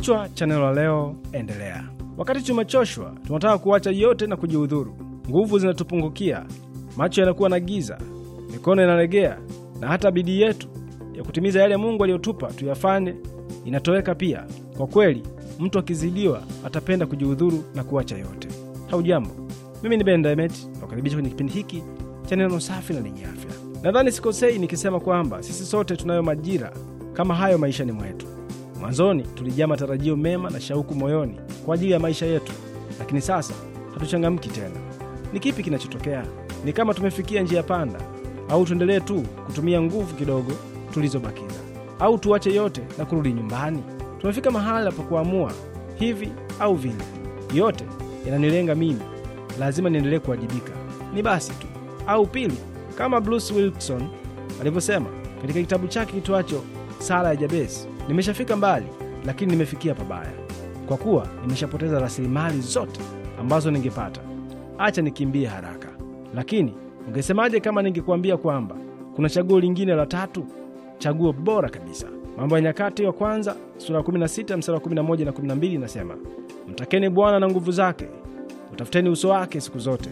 Kichwa cha neno la leo, endelea. Wakati tumechoshwa, tunataka kuacha yote na kujiudhuru. Nguvu zinatupungukia, macho yanakuwa na giza, mikono inalegea, na hata bidii yetu ya kutimiza yale Mungu aliyotupa tuyafanye inatoweka pia. Kwa kweli, mtu akizidiwa atapenda kujiudhuru na kuacha yote. Haujambo, mimi ni Ben Daimet na kwenye kipindi hiki cha neno safi na lenye afya. Nadhani sikosei nikisema kwamba sisi sote tunayo majira kama hayo maishani mwetu. Mwanzoni tulijaa matarajio mema na shauku moyoni kwa ajili ya maisha yetu, lakini sasa hatuchangamki tena. Ni kipi kinachotokea? Ni kama tumefikia njia panda, au tuendelee tu kutumia nguvu kidogo tulizobakiza, au tuache yote na kurudi nyumbani? Tumefika mahala pa kuamua hivi au vile. Yote yananilenga mimi, lazima niendelee kuwajibika. Ni basi tu au pili, kama Bruce Wilkinson alivyosema katika kitabu chake kitwacho Sala ya Jabesi. Nimeshafika mbali, lakini nimefikia pabaya, kwa kuwa nimeshapoteza rasilimali zote ambazo ningepata. Acha nikimbie haraka. Lakini ungesemaje kama ningekuambia kwamba kuna chaguo lingine la tatu, chaguo bora kabisa? Mambo ya Nyakati wa Kwanza sura 16 mstari 11 na 12 inasema, mtakeni Bwana na nguvu zake, utafuteni uso wake siku zote,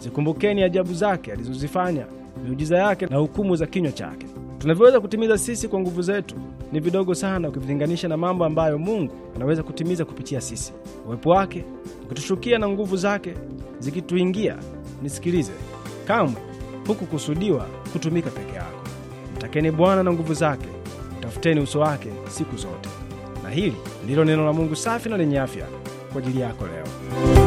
zikumbukeni ajabu zake alizozifanya, miujiza yake na hukumu za kinywa chake tunavyoweza kutimiza sisi kwa nguvu zetu ni vidogo sana ukivilinganisha na mambo ambayo Mungu anaweza kutimiza kupitia sisi. Uwepo wake ukitushukia na nguvu zake zikituingia, nisikilize, kamwe hukukusudiwa kutumika peke yako. Mtakeni Bwana na nguvu zake, mtafuteni uso wake siku zote. Na hili ndilo neno la Mungu safi na lenye afya kwa ajili yako leo.